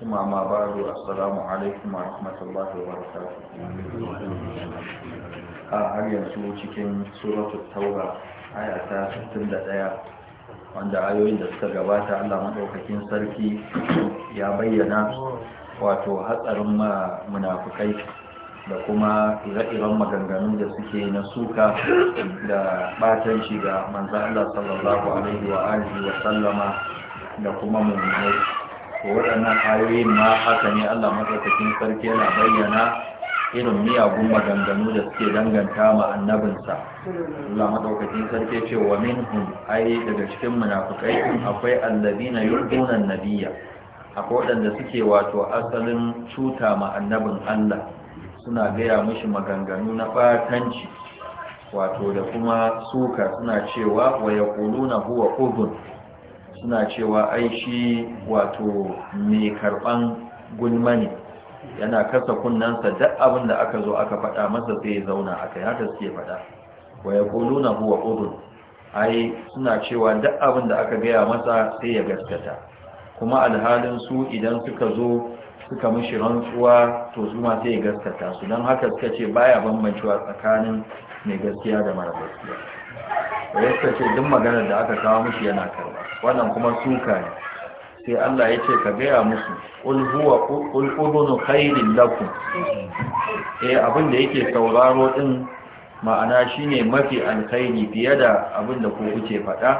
ثم ما بعد السلام عليكم ورحمة الله وبركاته har yanzu cikin suratul taura aya da 61 wanda ayoyin da suka gabata Allah madaukakin sarki ya bayyana wato hatsarin munafukai da kuma ire-iren da suke na suka da batanci ga manzo Allah sallallahu alaihi wa alihi sallama da kuma mu'minai waɗannan ayoyin ma haka ne Allah madaukakin sarki yana bayyana irin miyagun maganganu da suke danganta ma annabinsa Allah madaukakin sarki ce wa hun ai daga cikin munafukai in akwai na na nabiya akwai waɗanda suke wato asalin cuta ma annabin Allah suna gaya mishi maganganu na ɓatanci, wato da kuma suka suna cewa wa kuluna huwa kudun suna cewa ai shi wato mai karban gulma ne yana kasa kunnansa duk abin da aka zo aka faɗa masa sai zauna a kai haka suke faɗa wa ya kuluna huwa udun ai suna cewa duk abin da aka gaya masa sai ya gaskata kuma alhalin su idan suka zo suka mishi rantsuwa to su ma sai ya gaskata su don haka suka ce baya bambancewa tsakanin mai gaskiya da mara gaskiya Wa ya suka ce duk maganar da aka kawo mishi yana karba wannan kuma suka ne sai Allah ya ce ka gaya musu ulhuwa kairin qul khairin lakum eh abin da yake sauraro din ma'ana shine mafi alkhairi fiye da abin da ku kuke faɗa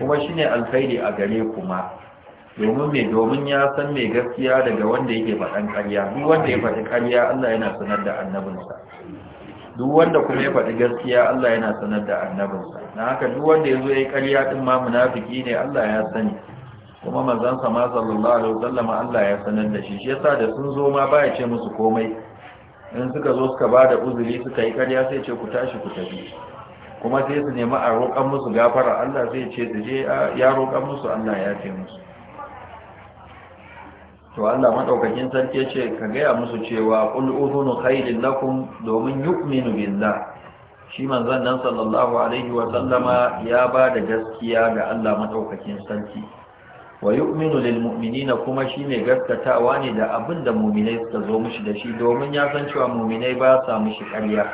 kuma shine alkhairi a gare ku ma domin me domin ya san me gaskiya daga wanda yake faɗan ƙarya duk wanda ya faɗi ƙarya Allah yana sanar da annabinsa duk wanda kuma ya faɗi gaskiya Allah yana sanar da annabinsa na haka duk wanda ya zo ya yi ƙarya ɗin ma munafiki ne Allah ya sani kuma manzansa ma sallallahu alaihi wasallam Allah ya sanar da shi shi yasa da sun zo ma baya ce musu komai in suka zo suka ba da uzuri suka yi ƙarya sai ce ku tashi ku tafi kuma sai su nemi a roƙan musu gafara Allah zai ce su je ya roƙan musu Allah ya ce musu to Allah madaukakin sarki yace ka gaya musu cewa qul udhunu khairin lakum domin yu'minu billah shi manzon nan sallallahu alaihi wa sallama ya ba da gaskiya ga Allah madaukakin sarki wa yu'minu lil mu'minina kuma shine gaskatawa ne da abin da mu'minai suka zo mushi da shi domin ya san cewa mu'minai ba sa mushi ƙarya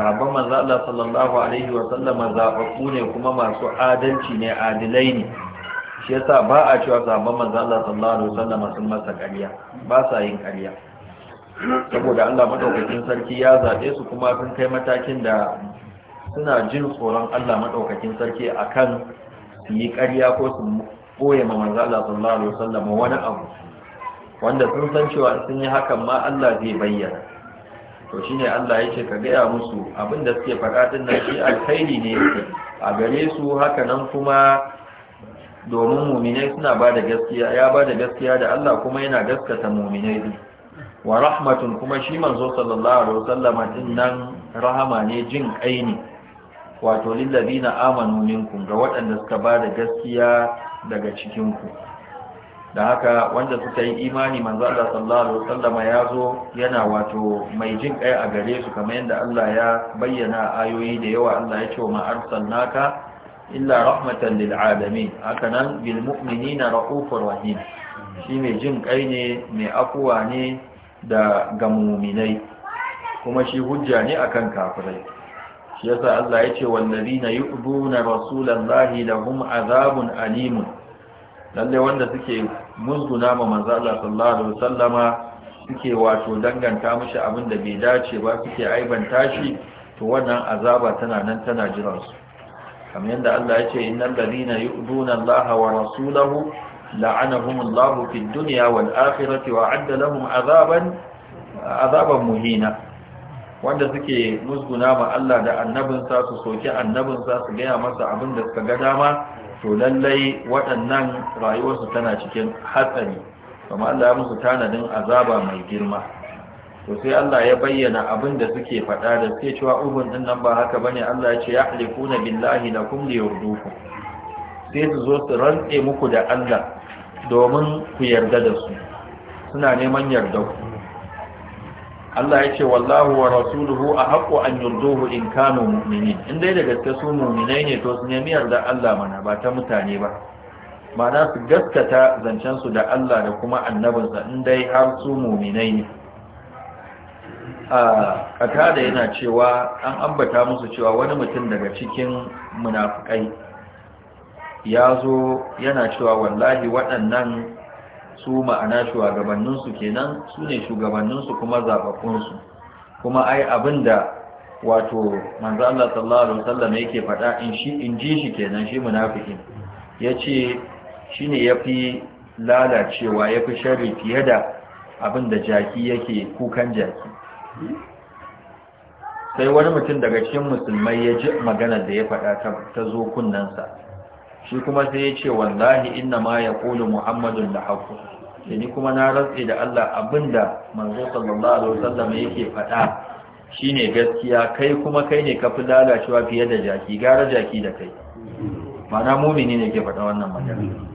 Sabon manzo Allah sallallahu alaihi wa sallama zaɓaɓɓu ne kuma masu adalci ne adilai ne shi yasa ba a cewa sahabban manzo Allah sallallahu alaihi wasallam sun masa ƙarya ba sa yin ƙarya saboda Allah madaukakin sarki ya zabe su kuma sun kai matakin da suna jin tsoron Allah madaukakin sarki akan su yi ƙarya ko su koye ma manzo Allah sallallahu alaihi wasallam wani abu wanda sun san cewa sun yi hakan ma Allah zai bayyana to shine Allah ya ce ka gaya musu da suke faɗa din nan shi alkhairi ne a gare su haka nan kuma domin muminai suna ba da gaskiya ya ba da gaskiya da Allah kuma yana gaskata muminai ne wa rahmatun kuma shi manzo sallallahu alaihi wasallam din nan rahama ne jin kai ne wato lil ladina amanu minkum ga waɗanda suka ba da gaskiya daga cikin ku da haka wanda suka yi imani manzo Allah sallallahu alaihi wasallam ya zo yana wato mai jin kai a gare su kamar yadda Allah ya bayyana ayoyi da yawa Allah ya ce wa ma arsalnaka illa rahmatan lil alamin hakanan bil mu'minina raufur rahim shi mai jin kai ne mai afuwa ne da ga mu'minai kuma shi hujja ne akan kafirai shi yasa Allah ya ce wallazina yu'duna rasulallahi lahum azabun alimun lalle wanda suke musguna ma manzo Allah sallallahu alaihi wasallama suke wato danganta mishi abin da bai dace ba suke aibanta shi to wannan azaba tana nan tana jiran su kamar yadda Allah ya ce innal ladina yu'duna Allah wa rasulahu la'anahum Allah fi dunya wal akhirati wa adda lahum azaban azaban muhina wanda suke musguna ma Allah da annabinsa su soki sa su gaya masa abin da suka ga dama to lallai waɗannan rayuwarsu tana cikin hatsari kuma Allah ya musu tanadin azaba mai girma to sai Allah ya bayyana abin da suke faɗa da suke cewa uhun din nan ba haka bane Allah ya ce ya halifuna billahi li yurduku sai su zo su rantse muku da Allah domin ku yarda da su suna neman yarda ku Allah ya ce wallahu wa rasuluhu a haƙo an yurduhu in kano mu'minin in dai da gaske su mu'minai ne to su nemi yarda Allah mana ba ta mutane ba ma'ana su gaskata zancensu da Allah da kuma annabinsa in dai har su mu'minai ne a da yana cewa an ambata musu cewa wani mutum daga cikin munafukai ya zo yana cewa wallahi waɗannan su ma'ana shugabanninsu kenan su ne shugabanninsu kuma zaɓaɓɓunsu kuma ai abin da wato manzo Allah sallallahu alaihi wasallam yake faɗa in shi in ji shi kenan shi munafiki yace shine yafi lalacewa yafi sharri fiye da abinda jaki yake kukan jaki sai wani mutum daga cikin musulmai ya ji magana da ya faɗa ta zo kunnensa shi kuma sai ya ce wallahi inna ma ya ƙulu Muhammadu da haku da ni kuma na rantse da allah abinda manzo sallallahu alaihi wasallam yake faɗa shine gaskiya kai kuma kai ne ka fi lalacewa fiye da jaki gara jaki da kai ma'ana mumini ne ke faɗa wannan magana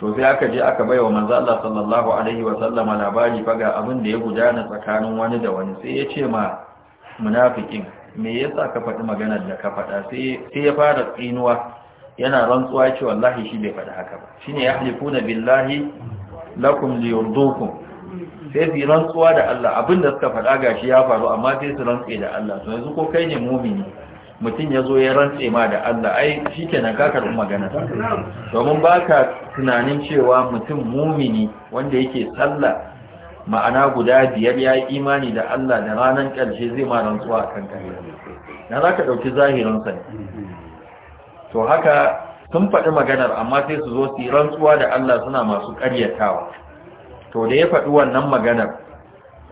to sai aka je aka bai wa manzo Allah sallallahu alaihi wa sallama labari faga abin da ya gudana tsakanin wani da wani sai ya ce ma munafikin me yasa ka faɗi maganar da ka faɗa sai ya fara tsinuwa yana rantsuwa ce wallahi shi bai faɗi haka ba shine yahlifuna billahi lakum liyurdukum sai su rantsuwa da Allah abin da suka faɗa gashi ya faru amma sai su rantse da Allah to yanzu ko kai ne mumini mutum ya zo ya rantse ma da Allah ai shi kenan ka karɓi magana domin ba ka tunanin cewa mutum mumini wanda yake sallah ma'ana guda biyar ya yi imani da Allah da ranar ƙarshe zai ma rantsuwa a kan kare na za ka ɗauki zahirinsa ne to haka sun faɗi maganar amma sai su zo su rantsuwa da Allah suna masu ƙaryatawa to da ya faɗi wannan maganar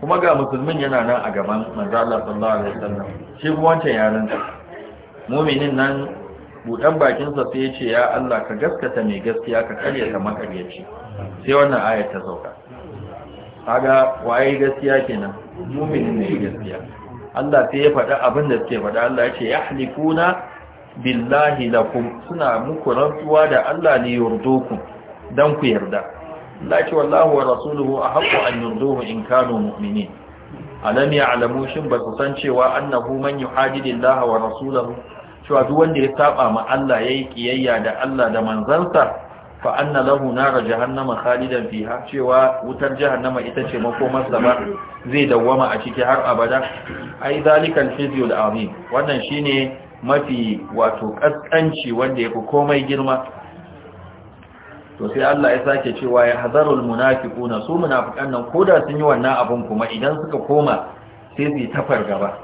kuma ga musulmin yana nan a gaban manzo Allah sallallahu alaihi wasallam shi kuma wancan muminin nan buɗan bakinsa sai ya ce ya Allah ka gaskata mai gaskiya ka karyata makaryaci sai wannan aya ta sauka kaga waye gaskiya kenan muminin ne gaskiya Allah sai ya faɗa abin da suke faɗa Allah ya ce yahlifuna billahi lakum suna muku rantsuwa da Allah ne yurdukum dan ku yarda Allah ce wallahu wa rasuluhu ahaqqu an yurduhu in kanu mu'minin alam ya'lamu shin ba su san cewa annahu man yuhadidillaha wa rasuluhu. cewa duk wanda ya saba ma Allah yayi kiyayya da Allah da manzansa fa anna lahu nara jahannama khalidan fiha cewa wutar jahannama ita ce makomar sa ba zai dawwama a ciki har abada ai zalika al-fizyu al-azim wannan shine mafi wato kaskanci wanda yafi komai girma to sai Allah ya sake cewa ya hadarul munafiquna su munafiqan nan koda sun yi wannan abun kuma idan suka koma sai su ta fargaba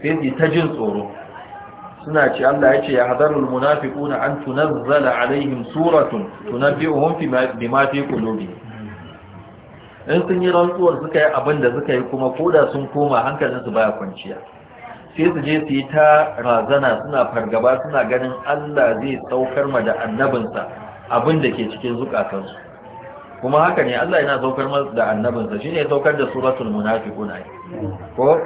sai su ta jin tsoro suna ce Allah ya ce ya hadarul munafiquna an tunazzala alaihim suratun tunabbi'uhum bima fi qulubi in sun yi rantsuwar suka yi abin da suka yi kuma koda sun koma hankalinsu baya kwanciya sai su je su yi ta razana suna fargaba suna ganin Allah zai saukar ma da annabinsa abin da ke cikin zukatansu kuma haka ne Allah yana saukar ma da annabinsa shine ya saukar da suratul munafiquna ko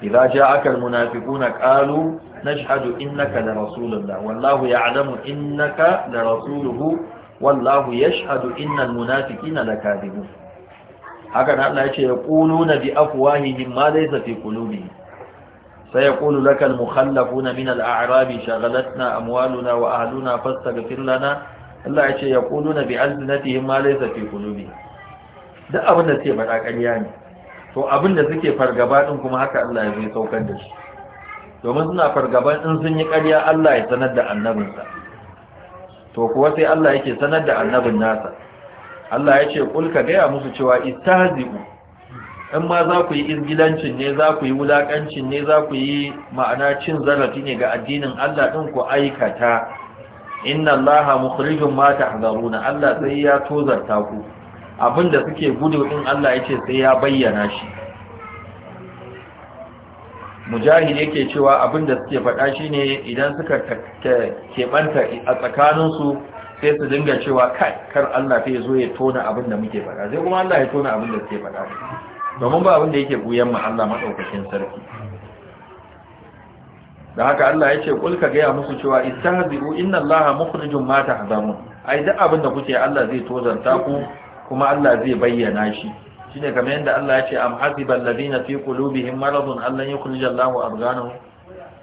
idza ja'aka al-munafiquna qalu nashhadu innaka la rasulullah wallahu ya'lamu innaka la rasuluhu wallahu yashhadu innal munafiqina lakadibun haka nan Allah yace yaquluna bi afwahihim ma laysa fi qulubihim sayaqulu laka al mukhallafuna min al a'rabi shaghalatna amwaluna wa ahluna fastaghfir lana Allah yace yaquluna bi alsinatihim ma laysa fi qulubihim duk abin suke ne to abin da suke fargaba din kuma haka Allah ya saukar da shi domin suna fargaban in sun yi ƙarya Allah ya sanar da annabinsa to kuwa sai Allah yake sanar da annabin nasa Allah ya ce kulka gaya musu cewa istahzi'u in ma za ku yi izgilancin ne za ku yi wulaƙancin ne za ku yi ma'ana cin zarafi ne ga addinin Allah ɗin ku aikata inna Allah mukhrijun ma tahzaruna Allah sai ya tozarta ku abinda suke gudu in Allah ya ce sai ya bayyana shi mujahid yake cewa abin da suke faɗa shine idan suka keɓanta a tsakaninsu sai su dinga cewa kai kar Allah sai zo ya tona abin da muke faɗa sai kuma Allah ya tona abin da suke faɗa domin ba abin da yake buyan ma Allah madaukakin sarki da haka Allah ya ce kul gaya musu cewa istahzi'u inna Allaha mukhrijum ma tahzamun ai duk abin da kuke Allah zai tozanta ku kuma Allah zai bayyana shi ne kamar yadda Allah ya ce am hasibal ladina fi qulubihim maradun allan yukhrijallahu abghanahum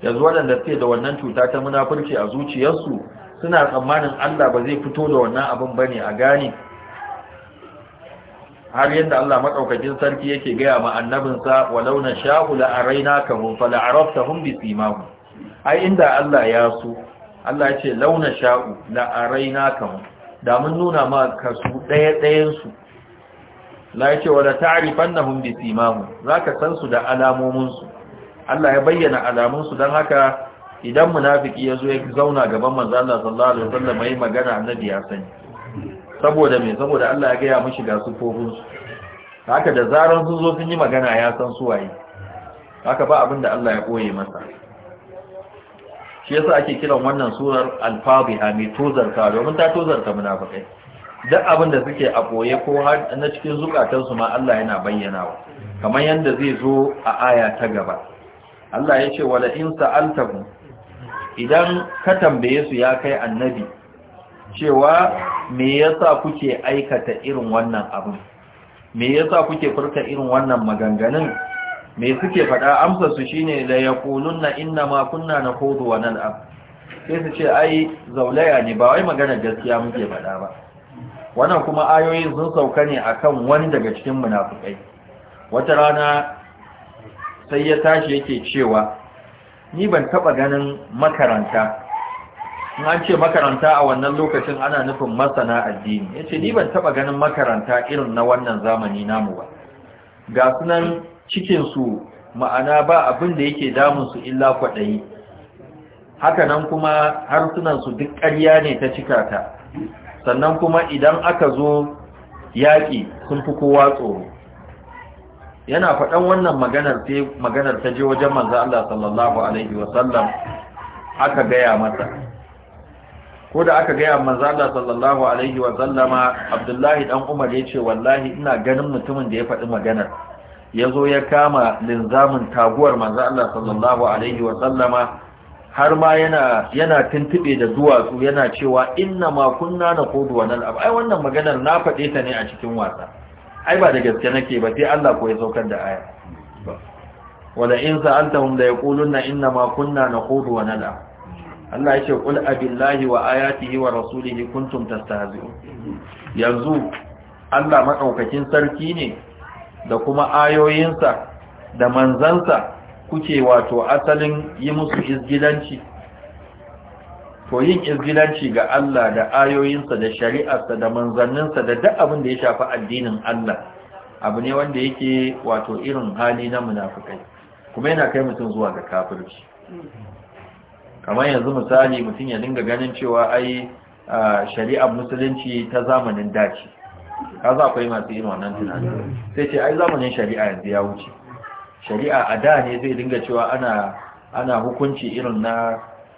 yanzu wadanda suke da wannan cuta ta munafurci a zuciyarsu suna tsammanin Allah ba zai fito da wannan abin bane a gani har yadda Allah madaukakin sarki yake gaya ma annabinsa walau na sha'u la fa la araftahum bi simahu ai inda Allah ya so Allah ya ce launa sha'u la arainakahum da mun nuna ma kasu ɗaya dayan su la yace wala ta'rifannahum bi simahum zaka san su da alamomin su Allah ya bayyana alamun su dan haka idan munafiki yazo ya zauna gaban manzo Allah sallallahu alaihi wasallam magana annabi ya sani saboda me saboda Allah ya gaya mishi ga sufofinsu. su haka da zaran sun zo sun yi magana ya san su waye haka ba abinda Allah ya koye masa shi yasa ake kiran wannan surar al-fadhiha mai tozarta domin ta tozarta munafikai duk abin da suke a boye ko har na cikin zukatansu ma Allah yana bayyana wa, kamar yadda zai zo a aya ta gaba Allah ya ce wala in sa'altakum idan ka tambaye su ya kai annabi cewa me yasa kuke aikata irin wannan abin me yasa kuke furta irin wannan maganganun me suke faɗa amsa su shine la yaquluna inna ma kunna nakhudu wa nal'ab sai su ce ai zaulaya ne ba wai magana gaskiya muke faɗa ba wannan kuma ayoyin sun sauka ne akan wani daga cikin munafukai wata rana sai ya tashi yake cewa ni ban taba ganin makaranta in an ce makaranta a wannan lokacin ana nufin masana addini yace ni ban taba ganin makaranta irin na wannan zamani namu ba ga sunan cikin su ma'ana ba abin da yake damun su illa kwaɗayi haka nan kuma harsunan su duk ƙarya ne ta cikata sannan kuma idan aka zo yaƙi sun fi kowa tsoro yana faɗan wannan maganar sai maganar ta je wajen manzo Allah sallallahu alaihi wasallam aka gaya masa ko da aka gaya manzo Allah sallallahu alaihi wasallama Abdullahi Ɗan Umar ya ce wallahi ina ganin mutumin da ya faɗi maganar Ya zo ya kama linzamin taguwar manzo Allah sallallahu alaihi wasallama har ma yana yana tuntube da duwatsu yana cewa inna ma kunna na kodu wannan abu ai wannan maganar na faɗe ta ne a cikin wasa ai ba da gaske nake ba sai Allah ko ya saukar da aya wala in sa'altahum la yaquluna inna ma kunna na kodu wannan abu Allah ya ce qul abillahi wa ayatihi wa rasulihi kuntum tastahzi'un yanzu Allah madaukakin sarki ne da kuma ayoyinsa da manzansa kuke wato asalin yi musu izgilanci to yin izgilanci ga Allah da ayoyinsa da shari'arsa da manzanninsa da duk abin da ya shafi addinin Allah abu ne wanda yake wato irin hali na munafikai kuma yana kai mutum zuwa ga kafirci kamar yanzu misali mutum ya dinga ganin cewa ai shari'ar musulunci ta zamanin dace kaza yi masu irin wannan tunanin, sai ce ai zamanin shari'a yanzu ya wuce shari'a a da ne zai dinga cewa ana ana hukunci irin na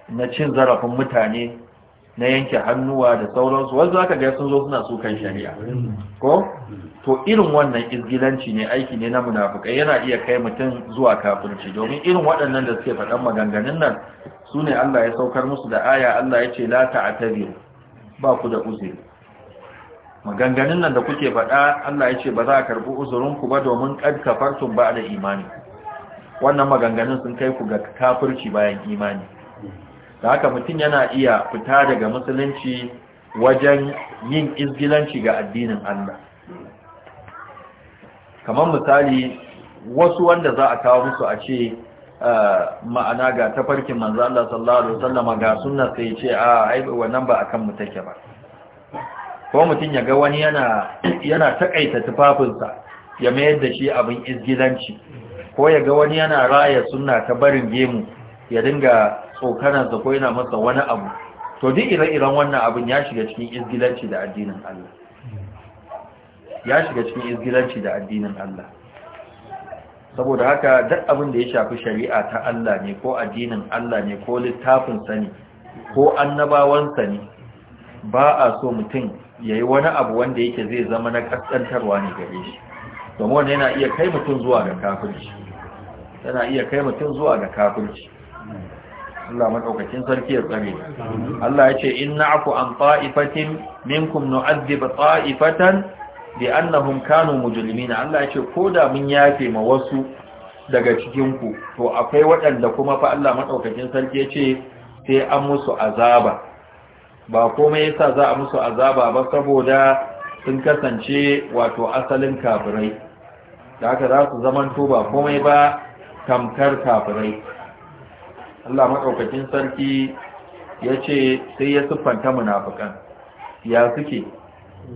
na cin zarafin mutane na yanke hannuwa da sauransu wanzu aka ga sun zo suna sukan shari'a ko to irin wannan izgilanci ne aiki ne na munafukai yana iya kai mutum zuwa kafirci domin irin waɗannan da suke faɗan maganganun nan su ne Allah ya saukar musu da aya Allah ya ce la ta'tabiru ba ku da uzuri maganganun nan da kuke faɗa Allah ya ce ba za a karɓi uzurinku ba domin kad kafartum ba da imani wannan maganganun sun kai ku ga kafirci bayan imani da haka mutum yana iya fita daga musulunci wajen yin izgilanci ga addinin Allah kamar misali wasu wanda za a kawo musu a ce ah, ma'ana ga tafarkin manzo Allah sallallahu alaihi wasallam ga sunna sai ce a ah, ai wannan ba akan mu take ba ko mutum ya ga wani yana taƙaita tufafinsa ya mayar da shi abin izgilanci ko ya ga wani yana raya suna ta barin gemu ya dinga tsokanansa ko yana masa wani abu to duk ire-iren wannan abin ya shiga cikin izgilanci da addinin Allah ya shiga cikin izgilanci da addinin Allah saboda haka duk abin da ya shafi shari'a ta Allah ne ko addinin Allah ne ko littafin sani ne ko annabawansa ne ba a so mutum ya yi wani abu wanda yake zai zama na kaskantarwa ne gare shi domin wanda yana iya kai mutum zuwa ga kafirci yana iya kai mutum zuwa ga kafirci Allah madaukakin sarki ya tsare Allah ya ce in na'fu an ta'ifatin minkum nu'adhib ta'ifatan bi annahum kanu mujrimin Allah ya ce ko da mun yafe ma wasu daga cikin ku to akwai waɗanda kuma fa Allah madaukakin sarki ya ce sai an musu azaba ba komai yasa za a musu azaba ba saboda sun kasance wato asalin kafirai da haka za su zamanto ba komai ba tamkar kafirai Allah maɗaukakin sarki ya ce sai ya siffanta munafikan ya suke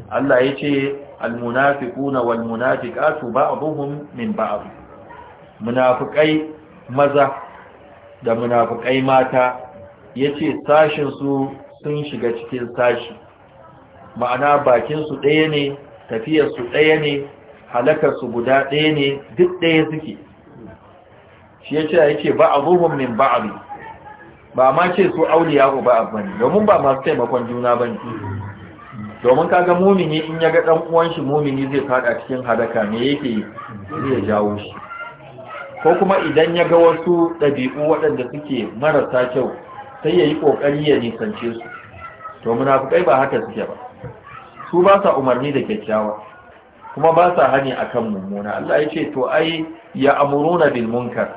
Allah ya ce almunafiquna walmunafiqatu ba'dhum min ba'd munafikai maza da munafikai mata yace sashin su sun shiga cikin sashi ma'ana bakinsu ɗaya ne tafiyarsu ɗaya ne halakarsu guda ɗaya ne duk ɗaya suke shi ya ce yi ce ba a zuhun min ba abi ba ma ce su auliya ku ba abu ne domin ba masu taimakon juna ba ne domin kaga mumini in ya ga ɗan uwan shi mumini zai fada cikin halaka ne yake ya jawo shi ko kuma idan ya ga wasu ɗabi'u waɗanda suke marasa kyau sai ya yi ƙoƙari ya nisance su to munafukai ba haka suke ba su ba sa umarni da kyakkyawa kuma ba sa hani akan mummuna Allah ya ce to ai ya amuruna bil munkar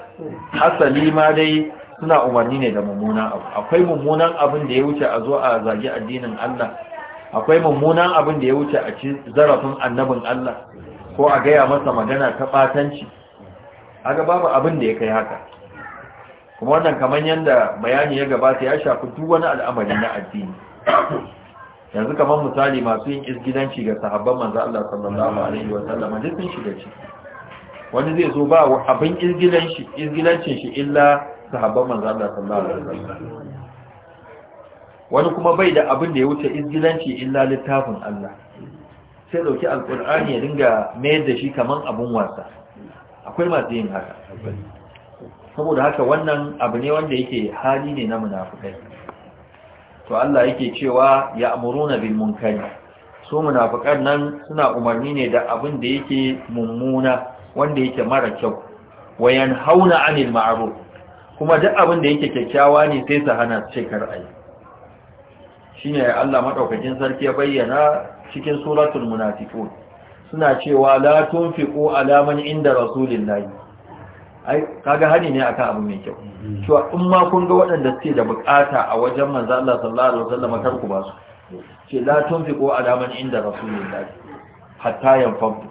asali ma dai suna umarni ne da mummuna abu akwai mummunan abin da ya wuce a zo a zagi addinin Allah akwai mummunan abin da ya wuce a ci zarafin annabin Allah ko a gaya masa magana ta batanci aga babu abin da ya kai haka kuma wannan kamar yadda bayani ya gabata ya shafi duk wani al'amari na addini yanzu kamar misali masu yin isgidanci ga sahabban manzo Allah sallallahu alaihi wa sallam duk sun shiga ciki wani zai zo ba abin isgidanci isgidancin shi illa sahabban manzo Allah sallallahu alaihi wa sallam wani kuma bai da abin da ya wuce isgidanci illa littafin Allah sai dauki alqur'ani ya dinga mayar da shi kaman abun wasa akwai masu yin haka saboda haka wannan abu ne wanda yake hali ne na munafukai to Allah yake cewa ya amuruna bil munkari su munafukan nan suna umarni ne da abin da yake mummuna wanda yake mara kyau wayan hauna anil ma'ruf kuma duk abin da yake kyakkyawa ne sai su hana su kar ai shine Allah madaukakin sarki ya bayyana cikin suratul munafiqun suna cewa la tunfiqu ala man inda rasulillahi ai kaga hani ne akan abu mai kyau To in ma kun ga waɗanda suke da bukata a wajen manzo Allah sallallahu alaihi wasallam kar ku ba su ce la tunfiqu ala man inda rasulillah hatta yanfaku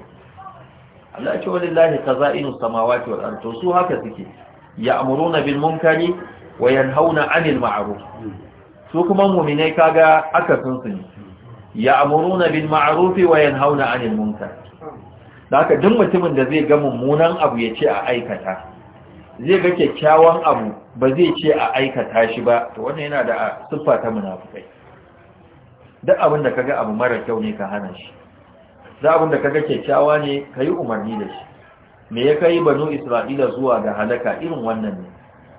Allah ce walillahi khaza'inu samawati wal ardh su haka suke ya'muruna bil munkari wa yanhauna 'anil ma'ruf su kuma mu'minai kaga aka sun su ne ya'muruna bil ma'ruf wa yanhauna 'anil munkar da haka duk mutumin da zai ga mummunan abu ya ce a aikata zai ga kyakkyawan abu ba zai ce a aikata shi ba to wannan yana da siffa ta munafikai duk abin da kaga abu mara kyau ne ka hana shi da abin da kaga kyakkyawa ne ka yi umarni da shi me ya kai banu isra'ila zuwa ga halaka irin wannan ne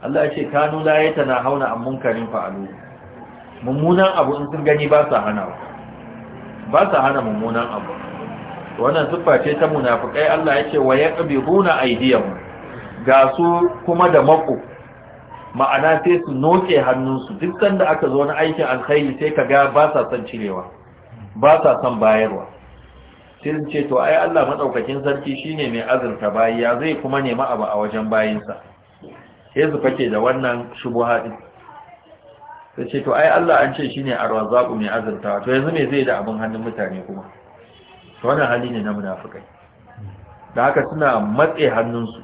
Allah ya ce kanu la na hauna an munkarin fa'alu mummunan abu in sun gani ba sa hana ba sa hana mummunan abu wannan zuffa ce ta munafikai Allah ya ce wa yaqbiduna aydiyahum ga su kuma da mako ma'ana sai su noke hannunsu duk sanda aka zo na aikin alkhairi sai ka ga ba sa son cirewa ba sa son bayarwa sai sun ce to ai Allah madaukakin sarki shine mai azurta bayi ya zai kuma nema abu a wajen bayinsa sai su fake da wannan shubuha din sai ce to ai Allah an ce shine arwazaqu mai azurta to yanzu me zai da abin hannun mutane kuma wannan hali ne na munafikai da haka suna matse hannunsu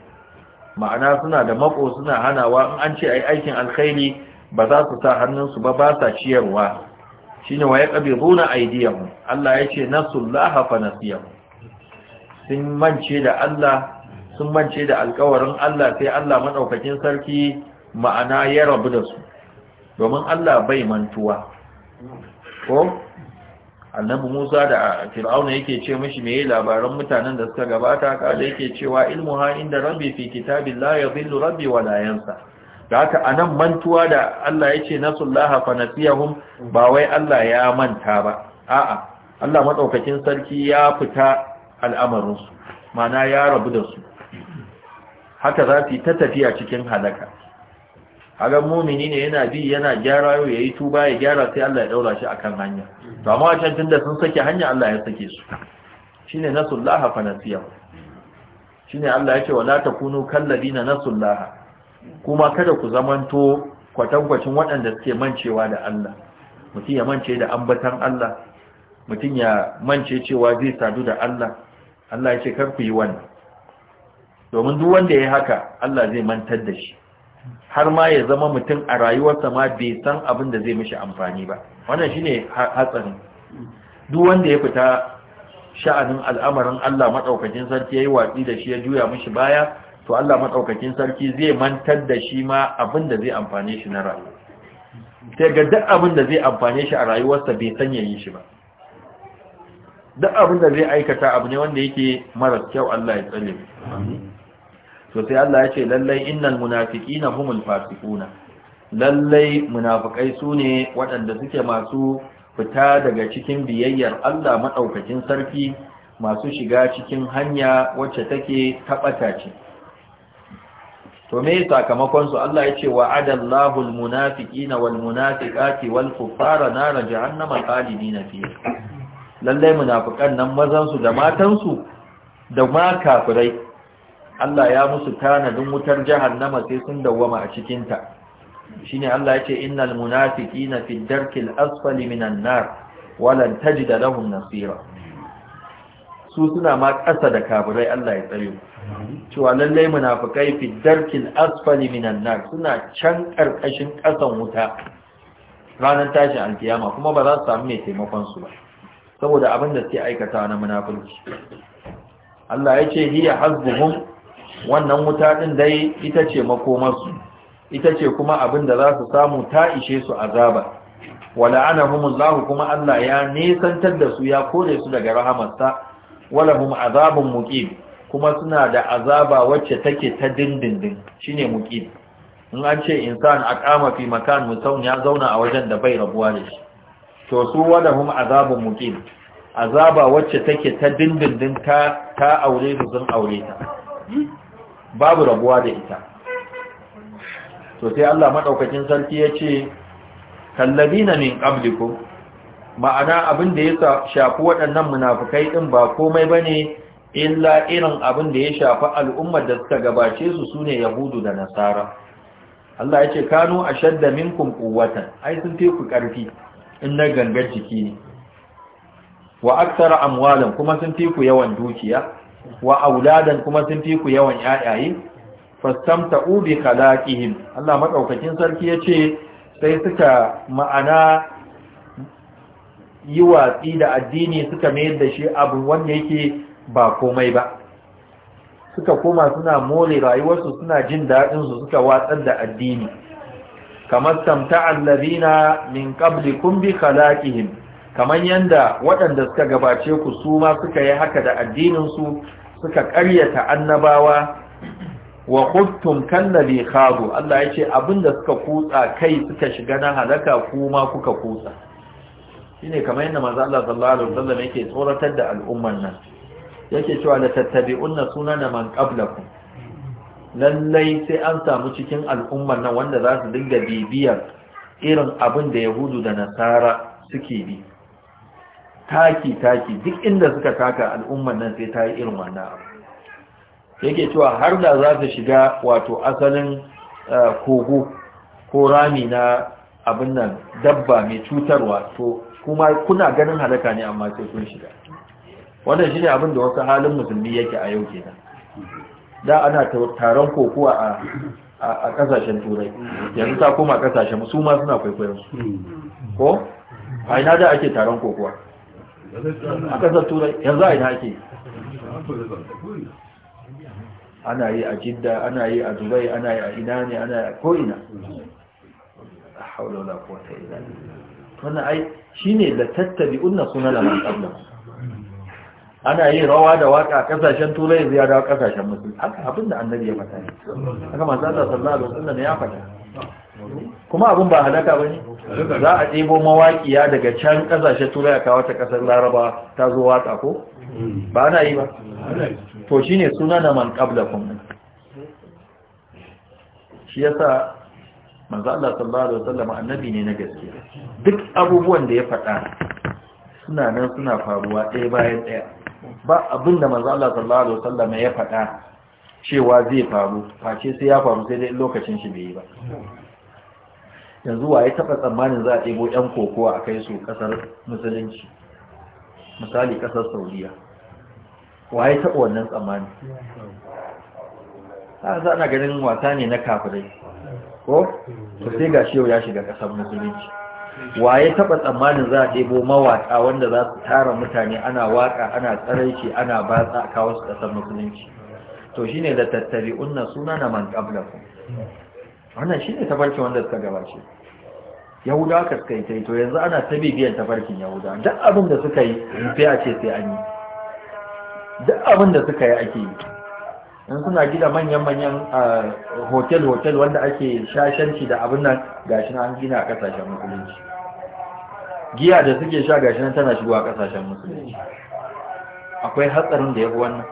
ma'ana suna da mako suna hanawa in an ce ai aikin alkhairi ba za su sa hannunsu ba ba sa ciyarwa shine wa yaqbiduna aydiyahum Allah ce nasullaha fa nasiyahum sun mance da Allah sun mance da alƙawarin Allah sai Allah madaukakin sarki ma'ana ya rabu da su domin Allah bai mantuwa ko annabi Musa da Fir'auna yake ce mishi meye labaran mutanen da suka gabata kada yake cewa ilmu ha inda rabbi fi kitabillahi yadhillu rabbi wa la yansa da haka anan mantuwa da Allah yace nasullaha fa nasiyahum ba wai Allah ya manta ba a'a Allah madaukakin sarki ya fita al'amarin su mana ya rabu da su haka za ta tafiya cikin halaka kaga mumini ne yana bi yana gyara yau yayi tuba ya gyara sai Allah ya daura shi akan hanya to amma can tunda sun sake hanya Allah ya sake su shine nasullaha fa nasiya shine Allah yake wala takunu kalladina nasullaha kuma kada ku zamanto kwatankwacin waɗanda suke mancewa da Allah mutum ya mance da ambatan Allah mutum ya mance cewa zai sadu da Allah Allah yake kar ku yi wannan domin duk wanda ya haka Allah zai mantar da shi har ma ya zama mutum a rayuwarsa ma bai san abin da zai mishi amfani ba wannan shine hatsarin duk wanda ya fita sha'anin al'amarin Allah madaukakin sarki yayi watsi da shi ya juya mishi baya to Allah madaukakin sarki zai mantar da shi ma abin da zai amfane shi na rayuwa sai ga duk abin da zai amfane shi a rayuwarsa bai san yayin shi ba duk abin da zai aikata abu ne wanda yake mara kyau Allah ya tsare amin to sai Allah ya ce lallai innal munafiqina humul fasiquna lallai munafikai sune waɗanda suke masu fita daga cikin biyayyar Allah madaukakin sarki masu shiga cikin hanya wacce take tabata ce to me sakamakon su Allah ya ce wa'adallahu almunafiqina walmunafiqati walkuffara nar jahannama khalidina fiha lallai munafikan nan mazan su da matan su da ma kafirai Allah ya musu tanadin wutar jahannama sai sun dawwama a cikinta shine Allah yace, ce innal munafiqina fi darkil asfali minan nar walan tajida lahum nasira su suna ma ƙasa da kaburai Allah ya tsayo cewa lallai munafikai fi darkil asfali minan nar suna can karkashin ƙasan wuta ranar tashin alkiyama kuma ba za su samu mai taimakon su ba saboda abin da suke aikata na munafurci Allah ya ce hiya hazbuhum wannan wuta ɗin dai ita ce makomarsu ita ce kuma abin da za su samu ta ishe su azaba wala anahumullahu kuma Allah ya nesantar da su ya kore su daga rahamarsa wala hum azabun muqim kuma suna da azaba wacce take ta dindindin shine muqim in an ce insan aqama fi makan mutum ya zauna a wajen da bai rabuwa da shi to su wala hum azabun muqim azaba wacce take ta dindindin ta ta aure su sun aure ta babu rabuwa da ita to sai Allah madaukakin sarki ya ce na min qablikum ma'ana abin da ya shafi waɗannan munafukai din ba komai bane illa irin abin da ya shafi al'ummar da suka gabace su sune yahudu da nasara Allah ya ce kanu ashadda minkum quwwatan ai sun fi ku karfi in na gangar jiki ne wa aksara amwalan kuma sun fi ku yawan dukiya wa auladan kuma sun fi ku yawan yayaye fastamta'u bi khalaqihim Allah madaukakin sarki yace sai suka ma'ana yi watsi da addini suka mayar da shi abu wanda yake ba komai ba suka koma suna more rayuwarsu suna jin daɗinsu suka watsar da addini kamar samta'an labina min ƙabli bi khalaqihim kamar yadda waɗanda suka gabace ku su ma suka yi haka da addininsu suka ƙaryata annabawa wa kuntum kallabi khadu Allah ya ce abinda suka kutsa kai suka shiga na halaka kuma kuka kutsa shine kamar yadda manzo Allah sallallahu alaihi wasallam yake tsoratar da al'umman nan yake cewa la tattabi'unna sunana man qablakum lallai sai an samu cikin al'ummar nan wanda za su dinga bibiyar irin abin da yahudu da nasara suke bi taki taki duk inda suka taka al'umman nan sai ta yi irin wannan abu yake cewa har da za su shiga wato asalin eh, kogo ko rami na abin nan dabba mai cutarwa to kuma kuna ganin halaka ne amma sai sun shiga wannan shine abin da wasu halin musulmi yake a yau kenan da ana taron kokowa a kasashen turai yanzu ta koma kasashen su ma suna kwaikwayon hmm. ko a ina da ake taron kokowa a ƙasar turai yanzu a yi hake ana yi a jidda ana yi a dubai ana yi a ina ne ana yi a ko'ina a haulala ko ta ina ne wannan ai shi ne da tattabi unna suna da masu ana yin rawa da waka a kasashen turai ziyara kasashen musulmi haka abinda annabi ya fata ne haka masu sallalo suna ne ya fata kuma abin ba halaka ba ne za a ɗebo mawaƙiya daga can ƙasashe turai a kawo ta ƙasar laraba ta zo waƙa ko ba ana yi ba to shi ne suna na man ƙabla kun shi yasa manzo Allah sallallahu alaihi wasallam annabi ne na gaskiya duk abubuwan da ya faɗa suna nan suna faruwa ɗaya bayan ɗaya ba abin da manzo Allah sallallahu alaihi wasallam ya faɗa cewa zai faru face sai ya faru sai dai lokacin shi bai yi ba yanzu wa ya taɓa tsammanin za a ɗebo 'yan kokowa a kai su ƙasar musulunci misali ƙasar saudiya wa ya taɓa wannan tsammani ta za na ganin wasa ne na kafirai ko to sai ga shi ya shiga ƙasar musulunci wa ya taɓa tsammanin za a ɗebo mawaƙa wanda za su tara mutane ana waƙa ana tsaraici ana batsa a kawo su ƙasar musulunci to shine da suna na man qablakum wannan shi ne tafarkin wanda suka gabace Yahuda ka suka yi ta yi to yanzu ana ta bibiyan tafarkin Yahuda. duk abin da suka yi sai a ce sai an yi duk abin da suka yi ake yi in suna gida manyan-manyan hotel-hotel wanda ake shashanci da abin nan gashi an gina a kasashen musulunci giya da suke sha gashi nan tana shigo a kasashen musulunci akwai hatsarin da ya fi wannan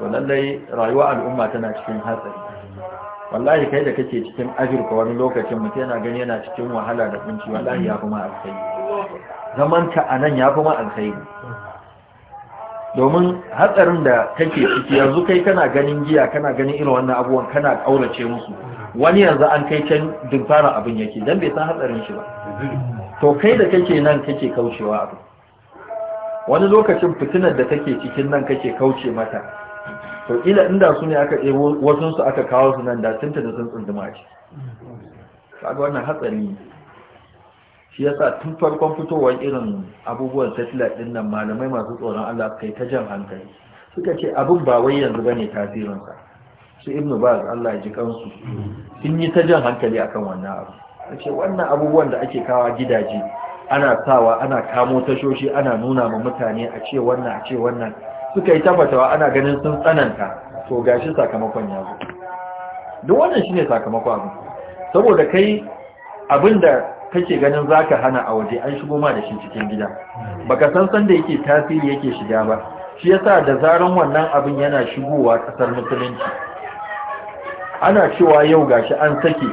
to lallai rayuwa al'umma tana cikin hatsari wallahi kai da kake cikin ajirka wani lokacin mutum yana gani yana cikin wahala da kunci wallahi ya kuma alkhairi zaman ka a nan ya kuma alkhairi domin hatsarin da kake ciki yanzu kai kana ganin giya kana ganin irin wannan abubuwan kana kaurace musu wani yanzu an kai can dubbaran abin yake dan bai san hatsarin shi ba to kai da kake nan kake kaucewa abu wani lokacin fitinar da take cikin nan kake kauce mata to ila inda su ne aka ɗebo wasu su aka kawo su nan da tun da sun tsunduma ce kaga wannan hatsari shi yasa tun farkon fitowar irin abubuwan satellite din nan malamai masu tsoron Allah kai yi ta jan hankali suka ce abin ba wai yanzu bane tasirinsa su ibnu baz Allah ya ji kansu sun yi ta jan hankali akan wannan abu ce wannan abubuwan da ake kawo gidaje ana sawa ana kamo tashoshi ana nuna ma mutane a ce wannan a ce wannan suka yi tabbatawa ana ganin sun tsananta to gashi sakamakon ya zo duk wannan shine sakamakon abin saboda kai abinda kake ganin zaka hana a waje an shigo ma da shi cikin gida baka san san da yake tasiri yake shiga ba shi yasa da zaran wannan abin yana shigowa kasar musulunci ana cewa yau gashi an sake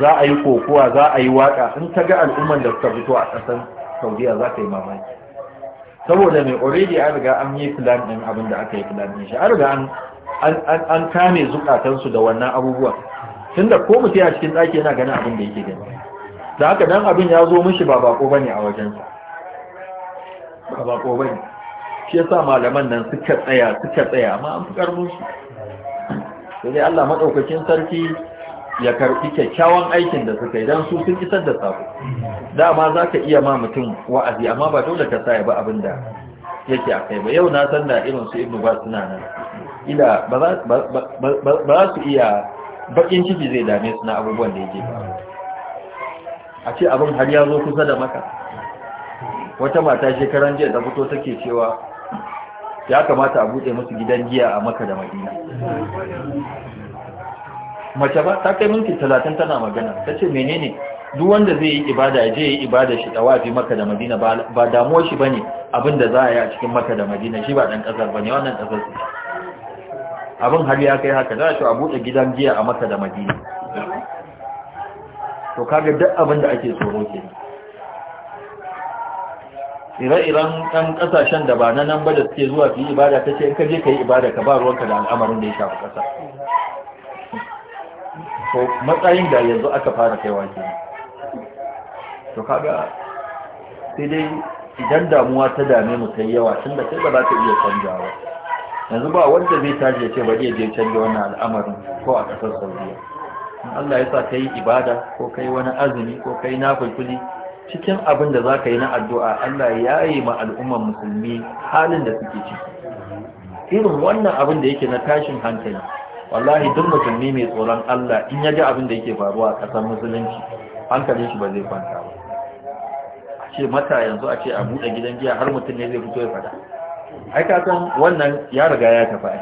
za a yi kokowa za a yi waka in ta ga al'umman da suka fito a ƙasar saudiya za ka yi mamaki saboda mai already an riga an yi plan ɗin abin da aka yi plan ɗin shi an riga an kame zukatansu da wannan abubuwan tun da ko mu a cikin daki yana ganin abin da yake gani da haka dan abin ya zo mishi ba bako bane a wajen sa, ba bako bane shi yasa malaman nan suka tsaya suka tsaya amma an fi musu sai Allah madaukakin sarki ya karbi kyakkyawan aikin da suka yi don su sun isar da sako dama za ka iya ma mutum wa'azi amma ba dole ka sa ya ba abin da yake a kai ba yau na san da irin su ibnu ba suna nan ila ba za su iya bakin ciki zai dame su na abubuwan da yake ba a ce abin har ya zo kusa da maka wata mata shekaran jiya ta fito take cewa ya kamata a buɗe musu gidan giya a maka da madina mace ba ta kai minti talatin tana magana ta ce menene duk wanda zai yi ibada je yi ibada shi wafi maka da madina ba damuwa shi bane abin da za a yi a cikin maka da madina shi ba dan kasar bane wannan kasar su abin hali ya kai haka za a a buɗe gidan giya a maka da madina to kaga duk abin da ake tsoro ke ire-iren ɗan ƙasashen da ba na nan ba da suke zuwa fi ibada ta ce in ka je ka yi ibada ka ba ruwanka da al'amarin da ya shafi ƙasa to matsayin da yanzu aka fara kaiwa ke to kaga sai dai idan damuwa ta dame mu ta yawa tun da kai ba za ka iya canjawa yanzu ba wanda zai tashi ya ce ba zai je canja wannan al'amarin ko a ƙasar saudiya in allah ya sa ka yi ibada ko kai wani azumi ko kai na kulkuli cikin abin da za ka yi na addu'a allah ya yi ma al'ummar musulmi halin da suke ciki irin wannan abin da yake na tashin hankali wallahi duk musulmi mai tsoron Allah in ya ji abin da yake faruwa a ƙasar musulunci hankalin shi ba zai kwanta ba a ce mata yanzu a ce a buɗe gidan giya har mutum ne zai fito ya fada ai ka san wannan ya riga ya tafi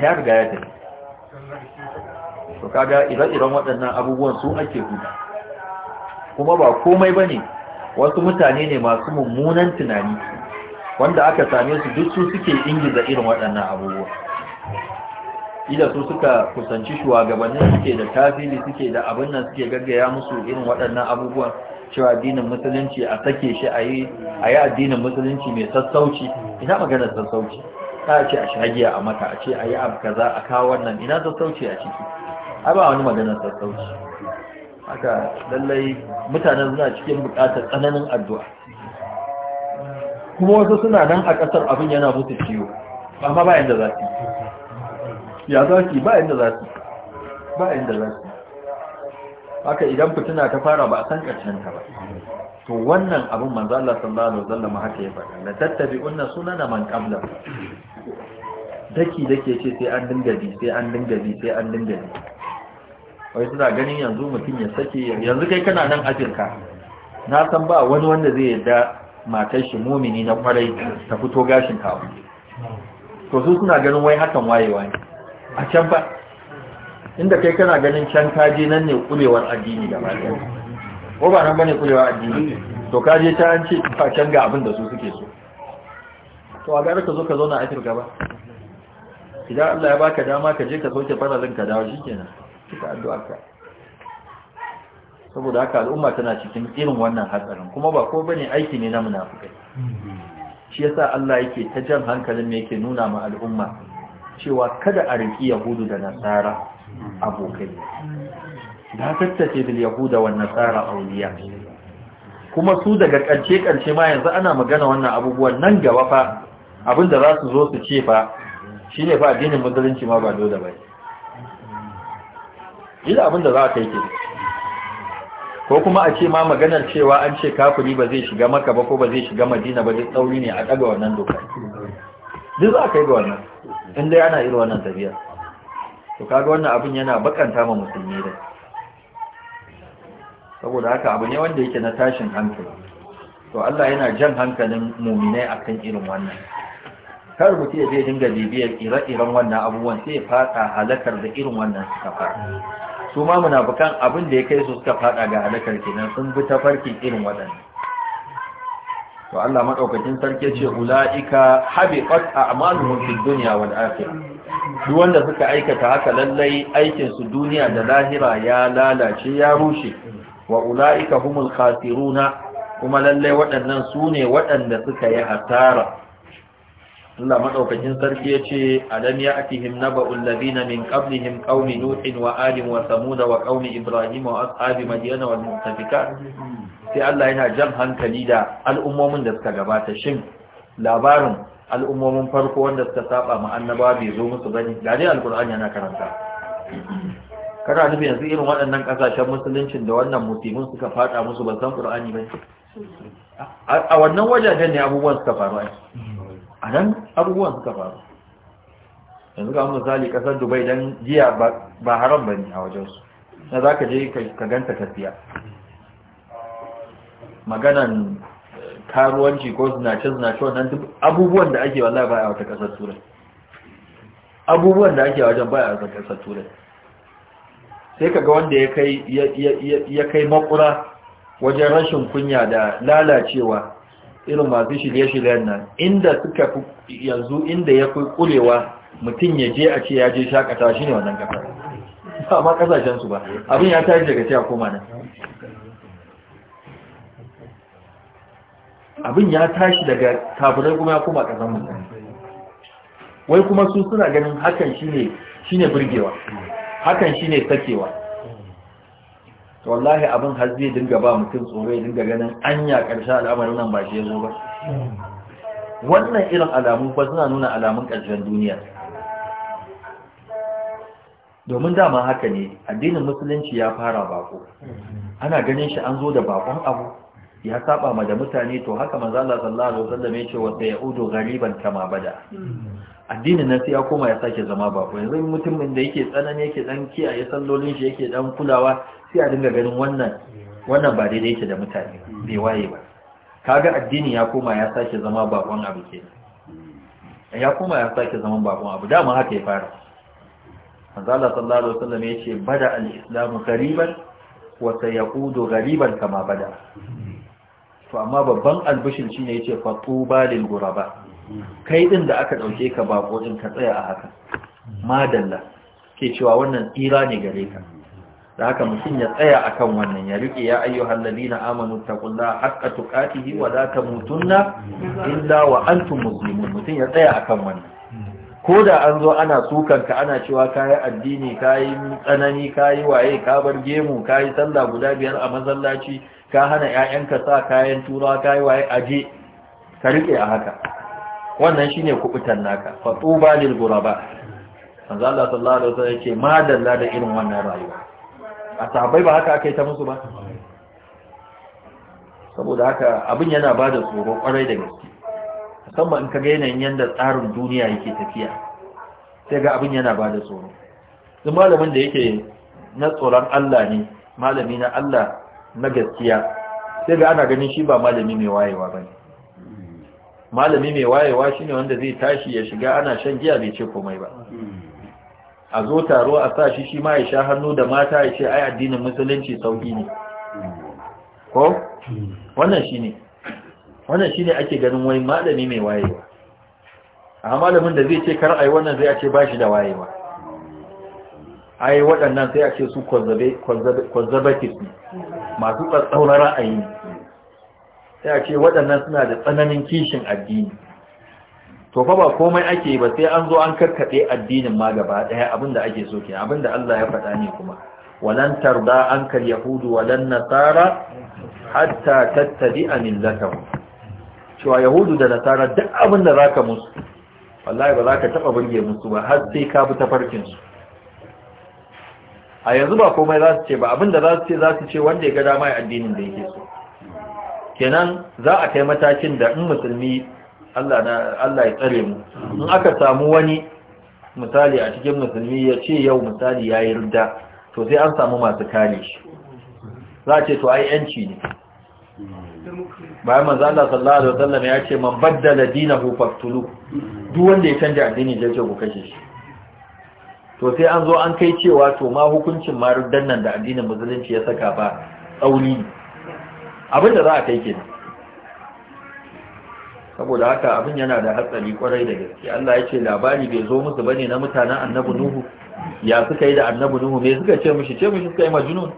ya riga ya tafi to kaga ire-iren waɗannan abubuwan su ake guda kuma ba komai ba ne wasu mutane ne masu mummunan tunani wanda aka same su duk su suke ingiza irin waɗannan abubuwa ila su suka kusanci shugabannin suke da tafili suke da abin nan suke gaggaya musu irin waɗannan abubuwan cewa addinin musulunci a sake shi a yi addinin musulunci mai sassauci ina magana sassauci ta ce a shagiya a maka a ce a yi abu kaza a kawo wannan ina sassauci a ciki ai ba wani magana sassauci haka lallai mutanen suna cikin buƙatar tsananin addu'a kuma wasu suna nan a ƙasar abin yana musu ciwo amma ba yadda za su yi ya za ki ba inda za su ba inda za su haka idan fitina ta fara ba a san karshen ta ba to wannan abin manzo Allah sallallahu alaihi wasallam haka ya faɗa la unna sunana man qabla daki dake ce sai an dinga bi sai an dinga bi sai an dinga bi wai suna ganin yanzu mutum ya sake yanzu kai kana nan Afirka na san ba wani wanda zai yarda matar shi mumini na kwarai ta fito gashin kawo to su suna ganin wai hakan wayewa ne a can ba inda kai kana ganin can kaje nan ne kulewar addini da ko ba nan ba kulewar addini to kaje ta an ce ba can ga abin da su suke so to a gare ka zo ka zauna a afirka ba idan Allah ya baka dama ka je ka soke farazin ka dawo shikenan kika addu'a ka saboda haka al'umma tana cikin irin wannan hatsarin kuma ba ko bane aiki ne na munafikai shi yasa Allah yake ta jan hankalin me yake nuna ma al'umma cewa kada a riƙi yahudu da nasara abokai da tattace da yahuda wa nasara auliya kuma su daga ƙarshe ƙarshe ma yanzu ana magana wannan abubuwan nan gaba fa abin da za su zo su ce fa shine fa addinin musulunci ma ba dole ba abin abinda za a kai ke ko kuma a ce ma maganar cewa an ce kafiri ba zai shiga maka ba ko ba zai shiga madina ba duk tsauri ne a ɗaga wannan doka duk za a kai ga wannan in dai ana irin wannan tafiya to kaga wannan abin yana bakanta ma musulmi da saboda haka abu ne wanda yake na tashin hankali to Allah yana jan hankalin muminai akan irin wannan kar mutum ya je dinga bibiyar ire-iren wannan abubuwan sai ya fada halakar da irin wannan suka fada su ma munafukan abin da ya kai su suka fada ga halakar kenan sun bi tafarkin irin waɗannan to Allah madaukakin sarki ce ulaika habiqat a'maluhum fid dunya wal akhirah duk wanda suka aikata haka lallai aikin su duniya da lahira ya lalace ya rushe wa ulaika humul khasiruna kuma lallai waɗannan su ne waɗanda suka yi hasara Allah madaukakin sarki yace alam ya'tihim naba'ul ladina min qablihim qaumi nuhin wa alim wa samud wa qaumi ibrahim wa ashabi madyan wal muttafikat sai Allah yana jan hankali da al'ummomin da suka gabata shin labarin al'ummomin farko wanda suka saba ma annaba bai zo musu bane ga dai alqur'ani yana karanta kada nufi yanzu irin waɗannan kasashen musuluncin da wannan musulmin suka fada musu ban san qur'ani bane a wannan wajajen ne abubuwan suka faru ai a nan abubuwan suka faru yanzu ga misali kasar dubai don jiya ba haram ba ne a wajensu na za ka je ka ganta tafiya maganan eh, karuwanci ko zinace-zinace wannan abubuwan da ake wallahi baya wata kasar turai abubuwan da ake wajen baya wata kasar turai sai ka ga wanda ya kai makura wajen rashin kunya da lalacewa irin masu shirye-shiryen nan inda suka fi yanzu inda ya fi kulewa mutum ya je a ce ya je shakata shi ne wannan kafa ba ma kasashensu ba abin ya tashi daga cewa koma nan abin ya tashi daga kafirai kuma ya koma kasan mutum wai kuma su suna ganin hakan shi ne burgewa hakan shi ne sakewa to wallahi abin har zai dinga ba mutum tsoro ya dinga ganin anya ƙarshen al'amarin nan ba shi ya zo ba wannan irin alamun ba suna nuna alamun ƙarshen duniya domin dama haka ne addinin musulunci ya fara bako ana ganin shi an zo da bakon abu ya saba ma da mutane to haka manzo Allah sallallahu alaihi wasallam yace wa sayudu ghariban kama bada addinin nan sai ya koma ya sake zama bako yanzu mutumin da yake tsanani yake dan ya sallolin shi yake dan kulawa sai a dinga ganin wannan wannan ba daidai yake da mutane bai waye ba kaga addini ya koma ya sake zama bakon abu kenan ya koma ya sake zama bakon abu dama haka ya fara manzo Allah sallallahu alaihi wasallam yace bada al-islamu ghariban wa sayudu ghariban kama bada to amma babban albishin shine yace fa tuba lil ghuraba kai ɗin da aka ɗauke ka bako din ka tsaya a haka madalla ke cewa wannan tsira ne gare ka da haka mutum ya tsaya akan wannan ya rike ya ayyuhal na amanu taqullaha haqqa tuqatihi wa la tamutunna illa wa antum muslimun mutum ya tsaya akan wannan ko da an zo ana sukanka ana cewa kayi addini kayi tsanani kayi waye ka bar gemu kayi sallah guda biyar a masallaci ka hana ƴaƴanka sa kayan tura kayi waye aje ka rike a haka wannan shine kubutan naka fa tuba lil manzo Allah sallallahu alaihi wasallam yake madalla da irin wannan rayuwa a sahabbai ba haka akai ta musu ba saboda haka abin yana bada tsoro kwarai da gaske musamman in ka ga yanayin yadda tsarin duniya yake tafiya sai ga abin yana ba da tsoro Su malamin da yake na tsoron Allah ne malami na Allah na gaskiya sai ga ana ganin shi ba malami mai wayewa ba ne malami mai wayewa shi ne wanda zai tashi ya shiga ana shan giya bai ce komai ba a zo taro a sa shi shi ma ya sha hannu da mata ya ce ai addinin musulunci sauki ne ko wannan shi ne wannan shine ake ganin wani malami mai wayewa a malamin da zai ce kar ai wannan zai a ce shi da wayewa ai waɗannan sai a ce su conservative ne masu tsatsauran ra'ayi sai a ce waɗannan suna da tsananin kishin addini to fa ba komai ake yi ba sai an zo an karkaɗe addinin ma gaba ɗaya abinda ake so ke abinda Allah ya faɗa ne kuma walan tarda ankal yahudu walan nasara hatta a min millatahum cewa yahudu da nasara duk abin da za ka musu wallahi ba za ka taɓa burge musu ba har sai ka bi tafarkinsu a yanzu ba komai za su ce ba abin da za su ce za su ce wanda ya ga dama a addinin da yake so kenan za a kai matakin da in musulmi Allah ya tsare mu in aka samu wani misali a cikin musulmi ya ce yau misali ya yi rudda to sai an samu masu kare shi za a ce to ai yanci ne bayan manzo Allah sallallahu alaihi wasallam ya ce man baddala dinahu faqtulu duk wanda ya canja addini jaje ku kashe shi to sai an zo an kai cewa to ma hukuncin ma ruddan nan da addinin musulunci ya saka ba tsauni abin da za a kai kenan saboda haka abin yana da hatsari kwarai da gaske Allah ya ce labari bai zo musu bane na mutanen annabi nuhu ya suka yi da annabi nuhu me suka ce mishi ce mishi suka yi majnun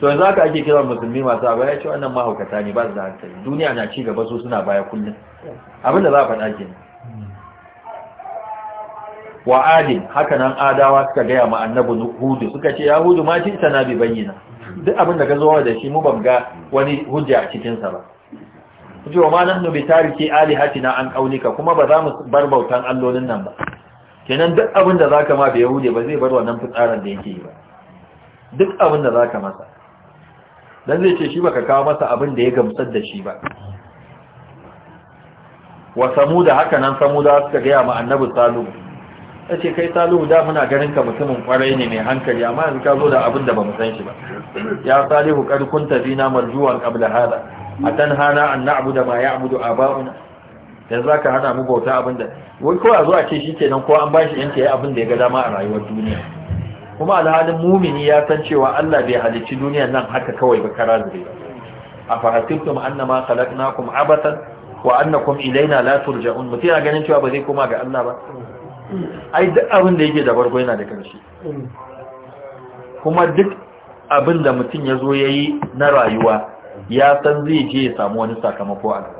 to yanzu aka ake kiran musulmi masu abu ya ce wannan mahaukata ne ba su da hankali duniya na ci gaba so suna baya kullum abinda za a faɗa ke wa adin haka nan adawa suka gaya ma annabu hudu suka ce ya hudu ma cin sana bi bayyana duk abin da ka zo da shi mu ban ga wani hujja a cikinsa ba kuje wa ma nahnu bi tariki hatina an qaulika kuma ba za mu bar bautan allolin nan ba kenan duk abin da zaka ma bai hude, ba zai bar wannan fitsarin da yake yi ba duk abin da zaka masa dan zai ce shi baka kawo masa abin da ya gamsar da shi ba wa samuda haka nan samuda suka gaya ma annabi salu ta ce kai salu da muna ganin ka mutumin kwarai ne mai hankali amma yanzu ka zo da abin da ba mu san shi ba ya salihu kad kunta zina marjuwan qabla hada hana an na'budu ma ya'budu aba'una yanzu zaka hana mu bauta abin da wai ko a zo a ce nan ko an bashi yanke abin da ya ga dama a rayuwar duniya kuma alhalin mumini ya san cewa Allah bai halicci duniyar nan haka kawai ba kara zure a fahasibtum annama khalaqnakum abatan wa annakum ilaina la turja'un mutum yana ganin cewa ba zai koma ga Allah ba ai duk abin da yake da barko yana da karshe kuma duk abin da mutum ya zo ya yi na rayuwa ya san zai je ya samu wani sakamako a gaba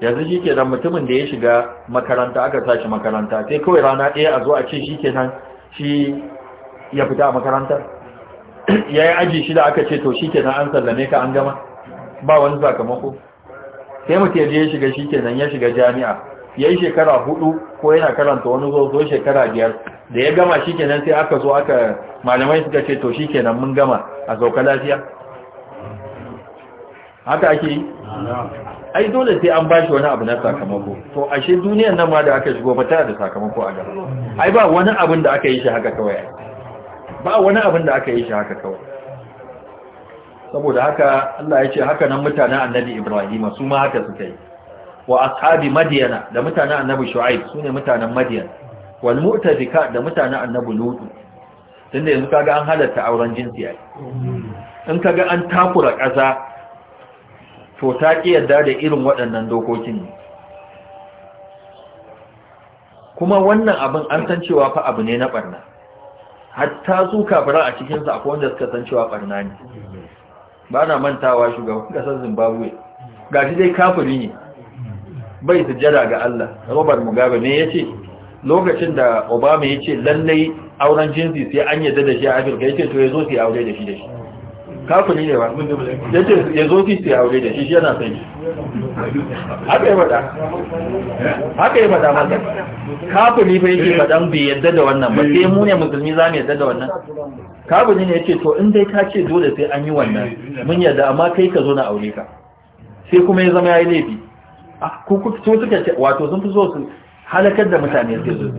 yanzu shi ke mutumin da ya shiga makaranta aka tashi makaranta sai kawai rana ɗaya a zo a ce shi ke nan shi ya fita a makarantar ya yi aji shi da aka ce to shi ke nan an sallame ka an gama ba wani sakamako sai mu ya ya shiga shi kenan ya shiga jami'a ya yi shekara hudu ko yana karanta wani zozo shekara biyar da ya gama shi ke nan sai aka zo aka malamai suka ce to shi ke nan mun gama a sauka lafiya haka ake yi ai dole sai an bashi wani abu na sakamako to ashe duniyar nan ma da aka shigo ba tana da sakamako a gaba ai ba wani abin da aka yi shi haka kawai ba wani abin da aka yi shi haka kawai saboda haka Allah ya ce haka nan mutanen annabi Ibrahim su ma haka suka yi wa ashabi Madiyana da mutanen annabi shu'aib sune mutanen madyan wal mu'tafika da mutanen annabi lutu tunda yanzu kaga an halatta auren jinsi ai in kaga an takura kaza. to ta ƙi yadda da irin waɗannan dokokin ne kuma wannan abin an san cewa fa abu ne na ɓarna hatta su kafira a cikinsu akwai wanda suka san cewa ɓarna ne ba na mantawa shugaban ƙasar zimbabwe ga dai kafiri ne bai sujjada ga Allah Robert Mugabe ne yace lokacin da Obama ya ce lallai auren jinsi sai an yadda da shi a Afirka yace to ya yazo sai aure da shi da shi kafiri ne ba ya ce ya zo fi aure da shi shi yana sai haka ya faɗa haka ya faɗa Kafin ne ba yake faɗan bai yadda da wannan ba sai mu ne musulmi za mu yadda da wannan Kafin ne ya ce to in dai ka ce dole sai an yi wannan mun yadda amma kai ka zo na aure ka sai kuma ya zama ya yi laifi to ah, suka ce wato sun fi so su halakar da mutane sai zo